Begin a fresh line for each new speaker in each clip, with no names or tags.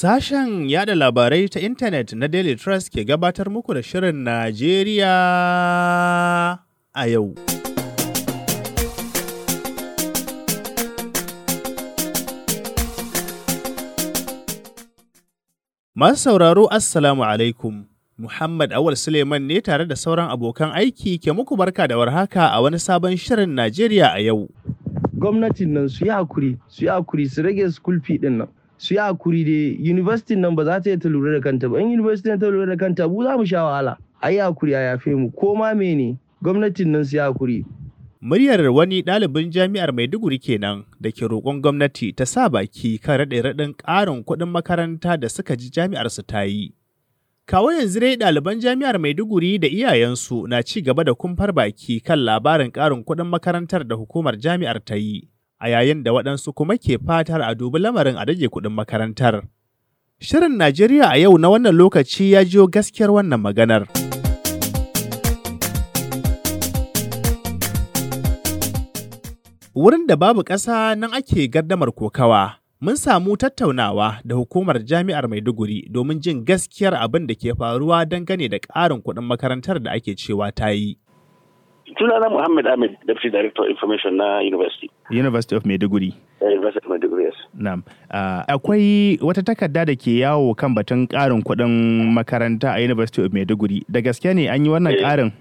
Sashen yada labarai ta intanet na Daily Trust ke gabatar muku da Shirin Najeriya a yau. Masu sauraro Assalamu alaikum. Muhammad Awal Suleiman ne tare da sauran abokan aiki ke muku barka da warhaka a wani sabon Shirin Najeriya a yau.
Gwamnatin nan su yi hakuri, su yi hakuri su rage school fee din nan. su yi hakuri dai university nan ba za ta yi ta lura da kanta ba in university ta lura da kanta bu za mu sha wahala a yi hakuri a yafe mu ko ma mene gwamnatin nan su yi hakuri.
Muryar wani ɗalibin jami'ar Maiduguri kenan da ke roƙon gwamnati ta sa baki kan raɗe-raɗin ƙarin kuɗin makaranta da suka ji jami'ar su ta yi. Kawo yanzu dai ɗaliban jami'ar Maiduguri da iyayensu na ci gaba da kumfar baki kan labarin ƙarin kuɗin makarantar da hukumar jami'ar ta yi. a yayin da waɗansu kuma ke fatar a dubi lamarin a rage kuɗin makarantar. Shirin Najeriya a yau na wannan lokaci ya jiyo gaskiyar wannan maganar. Wurin da babu ƙasa nan ake gardamar kokawa. Mun samu tattaunawa da hukumar jami'ar Maiduguri domin jin gaskiyar abin da ke faruwa dangane da ƙarin kuɗin makarantar da ake cewa ta yi.
sunana Muhammad Ahmed, Deputy
Director of Information na University. University of Maiduguri. Eh, University of Maiduguri, yes. Na'am. Ah, akwai wata takarda da ke yawo kan batun ƙarin kuɗin makaranta a University of Maiduguri. Da gaske ne an yi wannan eh, ƙarin?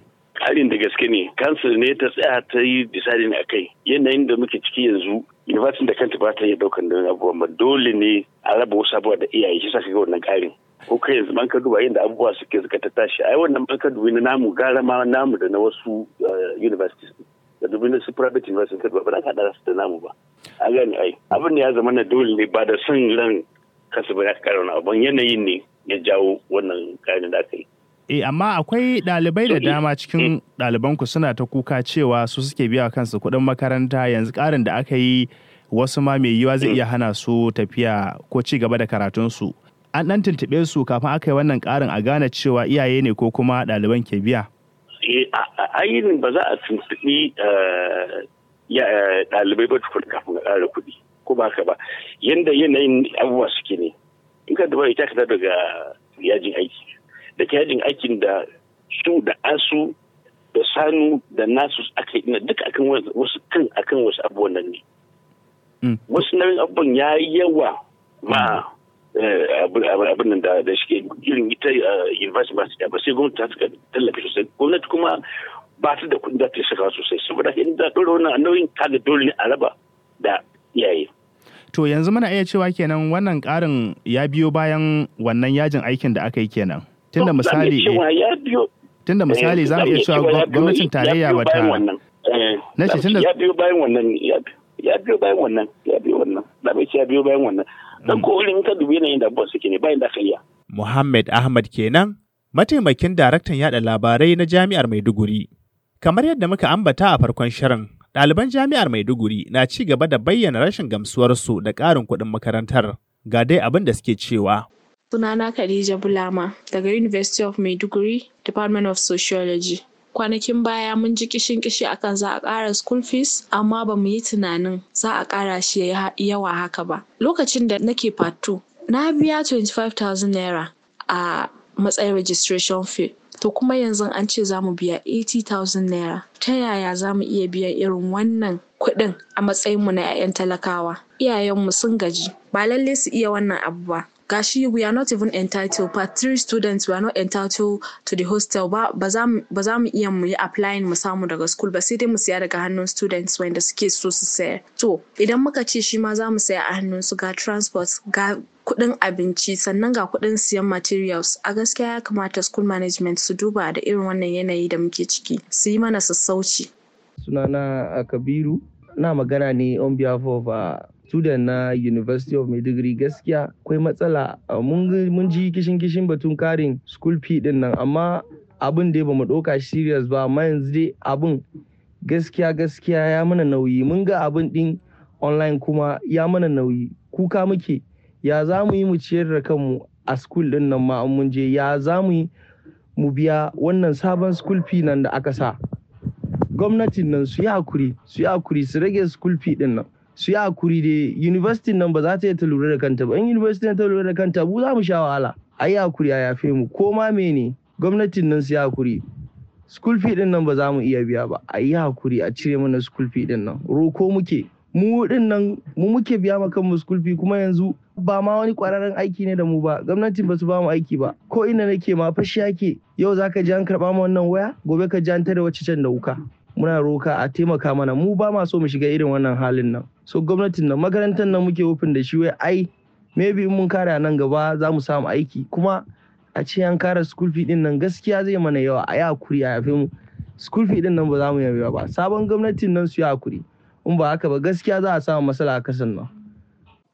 Ƙarin da gaske ne. Kansil ne ta tsaya ta yi deciding a kai. Yanayin da muke ciki yanzu, University da kanta ba ta iya daukan da abubuwan ba. Dole ne a raba wasu abubuwa da iyaye shi sa ga wannan ƙarin. ko kai yanzu man ka duba inda abubuwa suke suka ta tashi ai wannan man ka dubi na namu gara ma namu da na wasu eh, universities da dubi na su private universities kadu ba ba ka da su da namu ba a gani ai abin da ya zama na dole ne ba da son ran kasu ba ya kara wani abin yanayin ne ya jawo wannan kayan da aka yi
E, amma akwai ɗalibai da dama cikin ɗalibanku suna ta kuka cewa su suke biya kansu kuɗin makaranta yanzu ƙarin da aka yi wasu ma mai yiwa zai mm. iya hana su tafiya ko ci gaba da karatunsu. su an ɗan tuntuɓe su kafin aka yi wannan ƙarin a gane cewa iyaye ne ko kuma ɗaliban ke biya?
Eh, ainihin ba za a tuntubi eh, eh, ɗalibai ba tukur kafin a ƙara kuɗi ko ba ka ba yanda yanayin abubuwa suke ne in ka duba ita ta daga yajin aiki da yajin aikin da su da asu da sanu da nasu aka yi duk akan wasu kan akan wasu abubuwan nan ne mm. wasu nauyin abubuwan ya yi yawa ma mm. Eh, abin nan da shi irin ita eh, university ba su ba sai gwamnati ta tallafi sosai gwamnati kuma ba su da kuɗi da ta shiga sosai saboda inda ɗora wannan nauyin kaga dole ne a raba da iyaye
to yanzu muna iya cewa kenan wannan ƙarin ya biyo bayan wannan yajin aikin da aka yi kenan tunda misali eh, tunda misali za mu iya cewa gwamnatin tarayya ba ta
na ce tunda ya biyo bayan wannan ya biyo bayan wannan ya biyo wannan ce ya biyo bayan wannan Dan mm. ko in ka dubi yanayin da abubuwan suke ne bayan da iya.
Muhammad Ahmad kenan mataimakin daraktan yada labarai na jami'ar Maiduguri. Kamar yadda muka ambata a farkon shirin, ɗaliban jami'ar Maiduguri na ci gaba da bayyana rashin gamsuwarsu da ƙarin kuɗin makarantar. Ga dai abin da suke cewa.
Sunana Khadija Bulama daga University of Maiduguri, Department of Sociology. kwanakin baya mun ji kishin kishi akan za a ƙara school fees amma ba mu yi tunanin za a kara shi yawa haka ba lokacin da nake part 2 na biya 25,000 naira a matsayin registration fee to kuma yanzu an ce za mu biya 80,000 naira ta yaya za mu iya biyan irin wannan kuɗin a matsayinmu na 'ya'yan talakawa iyayenmu sun gaji ba lallai su iya wannan abu ba gashi we are not even entitled part three students we are not entitled to the hostel ba ba za mu iya mu yi applying mu samu daga school ba sai dai mu siya daga hannun students wanda suke so su saya to idan muka ce shi ma za mu saya a hannun su ga transport ga kudin abinci sannan ga kudin siyan materials a gaskiya ya kamata school management su duba da irin wannan yanayi da muke ciki su yi mana sassauci
sunana kabiru na magana ne on behalf of uh, student na university of maiduguri gaskiya akwai matsala mun ji kishin kishin batun karin school fee din nan amma abin da ba mu ɗauka serious ba amma yanzu dai abin gaskiya gaskiya ya mana nauyi mun ga abin din online kuma ya mana nauyi kuka muke ya za mu yi mu ciyar da kanmu a school din nan ma mun je ya za mu yi mu biya wannan sabon school fee nan da aka sa gwamnatin nan su yi hakuri su yi hakuri su rage school fee din nan su yi hakuri da university nan ba za ta yi ta lura da kanta ba in university ta lura da kanta bu za mu sha wahala a yi hakuri a yafe mu ko ma mene gwamnatin nan su yi hakuri school fee din nan ba za mu iya biya ba a yi hakuri a cire mana school fee din nan roko muke mu din nan mu muke biya ma kanmu school fee kuma yanzu ba ma wani kwararren aiki ne da mu ba gwamnatin ba su ba mu aiki ba ko ina nake ma fashi yake yau zaka ji an karba ma wannan waya gobe ka ji an tare wacce can da wuka muna roka a taimaka mana mu ba ma so mu shiga irin wannan halin nan so gwamnatin nan makarantar nan muke wufin da shi wai ai maybe mun kara nan gaba za mu samu aiki kuma a ce an kare school fee din nan gaskiya zai mana yawa a yi a yafe mu school fee din nan ba za mu yabe ba sabon gwamnatin nan su yi hakuri in ba haka ba gaskiya za a samu matsala a kasan nan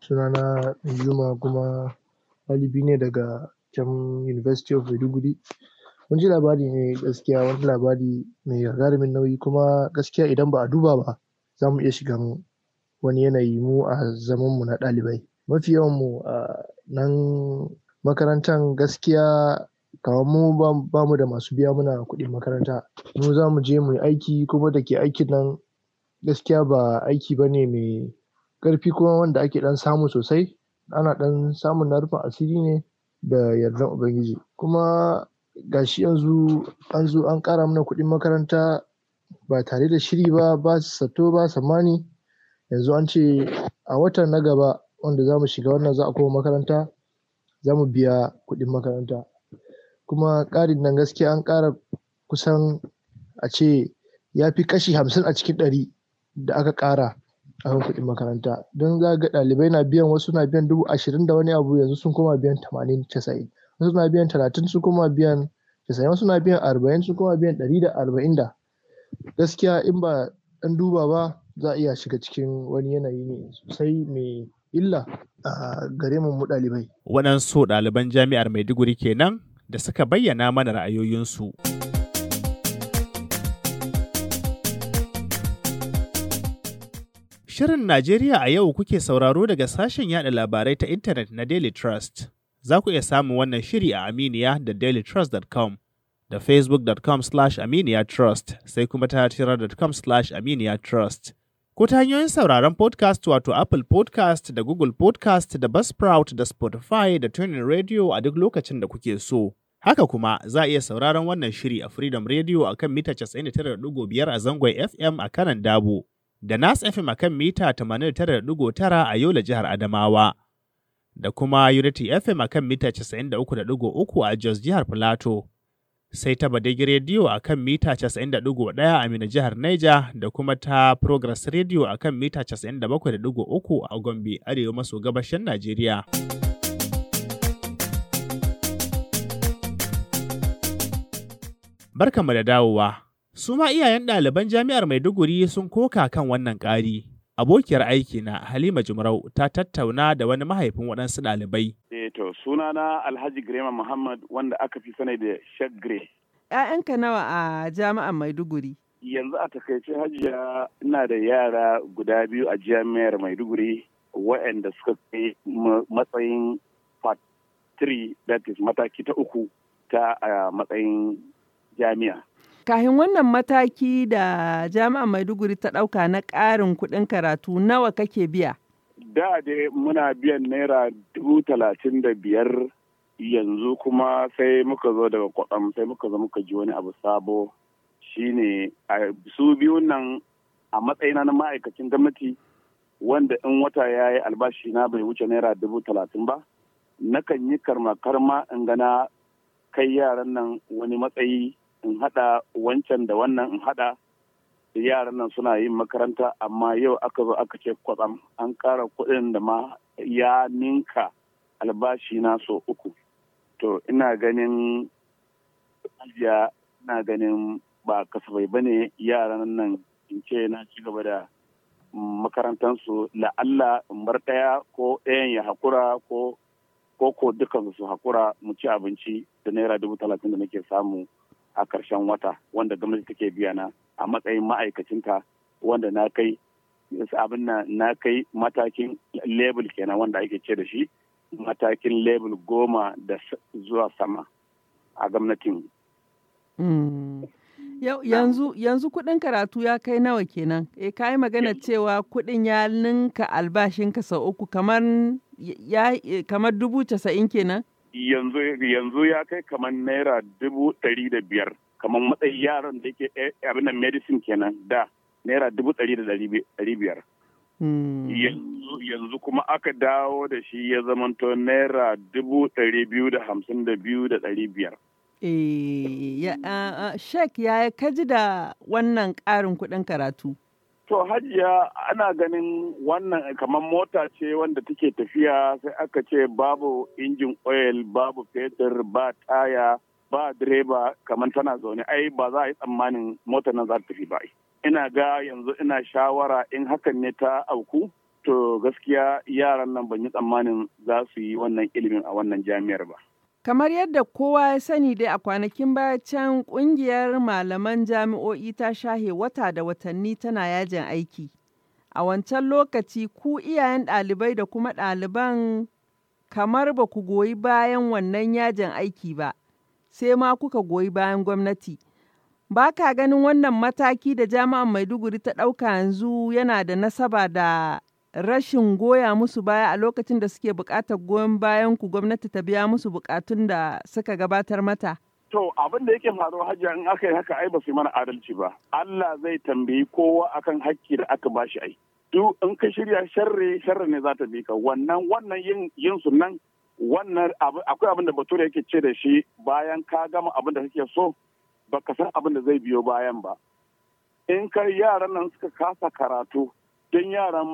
sunana Juma kuma ɗalibi ne daga can University of Maiduguri mun ji labari ne gaskiya wani labari mai gagarumin nauyi kuma gaskiya idan ba a duba ba za mu iya shiga wani yanayi mu a zaman mu na ɗalibai mafi yawan mu a nan makarantar gaskiya kawai mu ba mu da masu biya mana kuɗin makaranta mu za mu je mu yi aiki kuma da ke aikin nan gaskiya ba aiki ba ne mai ƙarfi kuma wanda ake ɗan samu sosai ana ɗan samun na rufin asiri ne da yardan ubangiji kuma ga shi yanzu an zo an ƙara mana kuɗin makaranta ba tare da shiri ba ba zato ba tsammani yanzu an ce a watan na gaba wanda za mu shiga wannan za a koma makaranta za mu biya kuɗin makaranta kuma ƙarin nan gaskiya an ƙara kusan a ce ya fi kashi hamsin a cikin ɗari da aka ƙara a kan kuɗin makaranta don za ga ɗalibai na biyan wasu na biyan dubu ashirin da wani abu yanzu sun koma biyan tamanin casa'in wasu na biyan talatin sun koma biyan casa'in wasu na biyan arba'in sun koma biyan ɗari da arba'in da gaskiya in ba ɗan duba ba za a iya shiga cikin wani yanayi ne sosai mai illa a gare mu ɗalibai.
Waɗansu ɗaliban jami'ar Maiduguri kenan da suka bayyana mana ra'ayoyinsu. Shirin Najeriya a yau kuke sauraro daga sashen yada labarai ta intanet na Daily Trust. Za ku iya samun wannan shiri a Aminiya da dailytrust.com da facebook.com slash aminiya trust sai kuma ta trust. ko ta hanyoyin sauraron podcast wato Apple podcast da Google podcast da Buzzsprout da Spotify da Tuning Radio a duk lokacin da kuke so. Haka kuma za a iya sauraron wannan shiri a Freedom Radio a kan mita 99.5 a zangon FM a kanan Dabo, da Nas FM a kan mita 89.9 a Yola jihar Adamawa, da kuma Unity FM a kan mita 93.3 a Jos jihar Filato. sai ta Badegi Radio a kan mita 90.1 a Mina jihar Naija, da kuma ta Progress Radio a kan mita 97.3 a Gombe, Arewa maso gabashin Najeriya. Barkanmu da dawowa. Su ma iyayen ɗaliban jami'ar Maiduguri sun koka kan wannan ƙari. abokiyar aiki na Halima Jumrau ta tattauna da wani mahaifin waɗansu ɗalibai.
Eh suna na Alhaji Grema Muhammad wanda aka fi sani da Shagre.
‘Ya'yanka nawa a jami'an Maiduguri?
Yanzu a takaice hajiya ina da yara guda biyu a jami'ar Maiduguri waɗanda suka kai matsayin part 3 that mataki ta uku ta matsayin jami'a.
Kahin wannan mataki da jami'ar Maiduguri ta ɗauka na ƙarin kuɗin karatu nawa kake biya?
Da dai muna biyan naira dubu talatin da biyar yanzu kuma sai muka zo daga kwatsam sai muka zo muka ji wani abu sabo shine su biyu nan a matsayina na ma'aikacin gwamnati wanda in wata ya yi albashi na bai wuce naira dubu talatin ba nakan yi karmakarma karma in gana kai yaran nan wani matsayi in haɗa wancan da wannan in haɗa yaran nan suna yin makaranta amma yau aka zo aka ce kwatsam an kara kuɗin da ma ya ninka albashi na so uku to ina ganin ajiya ina ganin ba kasafai bane yaran nan in ce na ci gaba da makarantansu la'alla in bar ɗaya ko ɗayan ya haƙura ko ko ko dukansu su haƙura mu ci abinci da naira dubu talatin da nake samu a karshen wata wanda gwamnati take biya na a matsayin ma'aikacinta wanda na kai abin na na kai matakin lebel kenan wanda ake ce da shi matakin lebel goma da zuwa sama a gwamnatin.
Hmm. Yanzu yanzu kuɗin karatu ya kai nawa kenan? E ka yi magana cewa kuɗin ya ninka albashinka sau uku kamar dubu casa'in kenan?
yanzu yanzu ya kai kamar naira dubu ɗari da biyar kamar matsayin yaron da ke eh, abin medicine kenan da naira dubu ɗari da ɗari biyar hmm. yanzu kuma aka dawo da shi ya zamanto naira dubu ɗari biyu da hamsin da biyu da ɗari biyar
Eh, shek ya kaji da wannan ƙarin kuɗin karatu? To
hajiya ana ganin wannan kamar mota ce wanda take tafiya sai aka ce babu injin oil babu fetur ba taya ba direba kamar tana zaune ai ba za a yi tsammanin mota nan za ta tafi ba ina ga yanzu ina shawara in hakan ne ta auku to gaskiya yaran nan ban yi tsammanin za su yi wannan ilimin a wannan jami'ar ba.
Kamar yadda kowa ya sani dai a kwanakin baya can ƙungiyar malaman jami'o'i ta shahe wata da watanni tana yajin aiki. A wancan lokaci ku iyayen ɗalibai da kuma ɗaliban kamar ba ku goyi bayan wannan yajin aiki ba, sai ma kuka goyi bayan gwamnati. Ba ka ganin wannan mataki da jami'an Maiduguri ta ɗauka yanzu yana da nasaba da rashin goya musu baya a lokacin da suke bukatar goyon bayan ku gwamnati ta biya musu bukatun da suka gabatar mata?
To abin da yake faruwa hajji in aka yi haka ai ba su mana adalci ba. Allah zai tambayi kowa akan hakki da aka ba shi ai. Duk in ka shirya sharri sharri ne za ta bi ka wannan wannan yin yin sunan wannan akwai abin da bature yake ce da shi bayan ka gama abin da kake so baka san abin da zai biyo bayan ba in kai yaran nan suka kasa karatu don yaran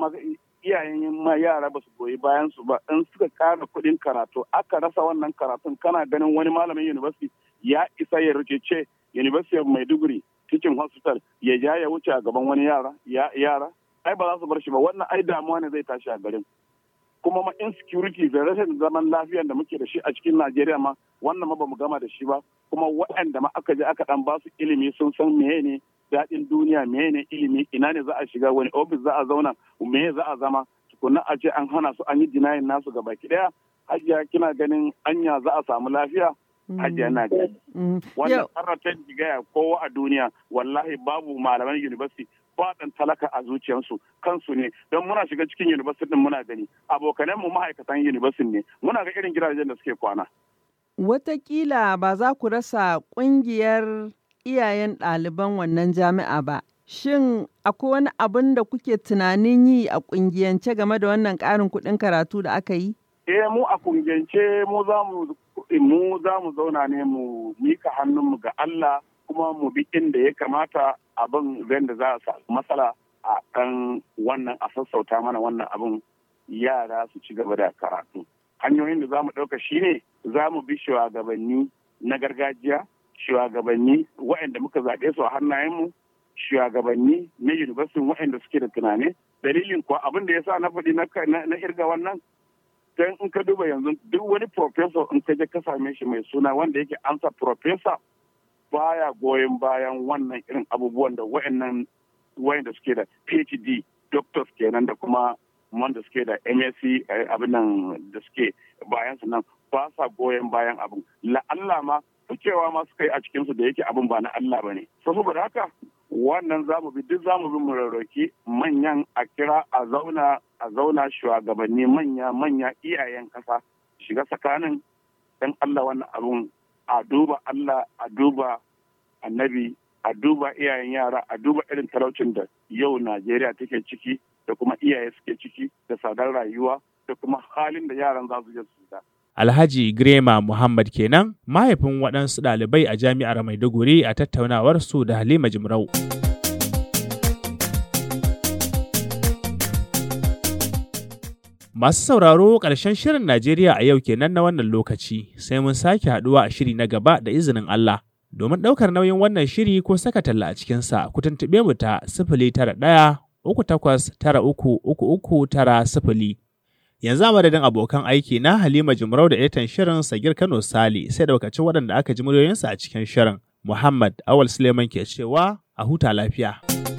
iyayen ma yara ba su goyi bayan su ba in suka kara kuɗin karatu aka rasa wannan karatun kana ganin wani malamin university ya isa ya rikice university of maiduguri teaching hospital ya ja ya wuce a gaban wani yara yara ai ba za su bar shi ba wannan ai damuwa ne zai tashi a garin kuma ma insecurity da rashin zaman lafiyar da muke da shi a cikin Najeriya ma wannan ma bamu gama da shi ba kuma waɗanda ma aka je aka dan ba su ilimi sun san meye ne daɗin duniya menene ilimi ina ne za a shiga wani ofis za a zauna me za a zama tukunna a ce an hana su an yi jinayin nasu gaba ki ɗaya hajiya kina ganin anya za a samu lafiya
mm. hajiya na gani mm.
wanda karatun jigaya kowa a duniya wallahi babu malaman university faɗin talaka a zuciyarsu kansu ne don muna shiga cikin university din muna gani abokanan mu ma'aikatan university ne muna ga irin gidajen da suke kwana
wataƙila ba za ku rasa ƙungiyar iyayen ɗaliban wannan jami'a ba. Shin akwai wani abin da kuke tunanin yi a ƙungiyance game da wannan ƙarin kuɗin karatu da aka yi? Eh
mu a ƙungiyance mu za mu mu za mu zauna ne mu mika hannunmu ga Allah kuma mu bi inda ya kamata abin da za a samu matsala a kan wannan a sassauta mana wannan abin yara su ci gaba da karatu. Hanyoyin da za mu ɗauka shi ne za mu bi shugabanni na gargajiya shugabanni waɗanda muka zaɓe su a mu. shugabanni na yunibasin waɗanda suke da tunani dalilin kuwa abin da ya sa na faɗi na irga wannan don in ka duba yanzu duk wani professor in ka je ka same shi mai suna wanda yake ansa professor baya goyon bayan wannan irin abubuwan da waɗannan waɗanda suke da PhD doctors kenan da kuma wanda suke da MSc eh, abin nan da suke bayan su nan ba sa goyon bayan abin la'alla ma fakewa ma suka yi a cikinsu da yake abin ba na Allah ba ne. Saboda haka wannan zamu bi duk zamu bi mu rarraki manyan a kira a zauna a zauna shugabanni manya manya iyayen kasa shiga tsakanin dan Allah wannan abun a duba Allah a duba annabi a duba iyayen yara a duba irin talaucin da yau Najeriya take ciki da kuma iyaye suke ciki da sadar rayuwa da kuma halin da yaran za su
je su
Alhaji Grema Muhammad kenan mahaifin waɗansu ɗalibai a jami'ar Maiduguri a tattaunawar su da Halima Jimrau. Masu sauraro ƙarshen shirin Najeriya a yau kenan na wannan lokaci sai mun sake haɗuwa a shiri na gaba da izinin Allah. Domin ɗaukar nauyin wannan shiri ko saka talla a cikinsa ku tuntuɓe mu ta sifili tara ɗaya uku takwas tara uku uku uku tara sifili. Yanzu a madadin abokan aiki na Halima Jumrau da editan shirin Sagir Kano Sali sai da waɗanda aka ji muryoyinsu a cikin shirin. Muhammad Awal Suleiman ke cewa a huta lafiya.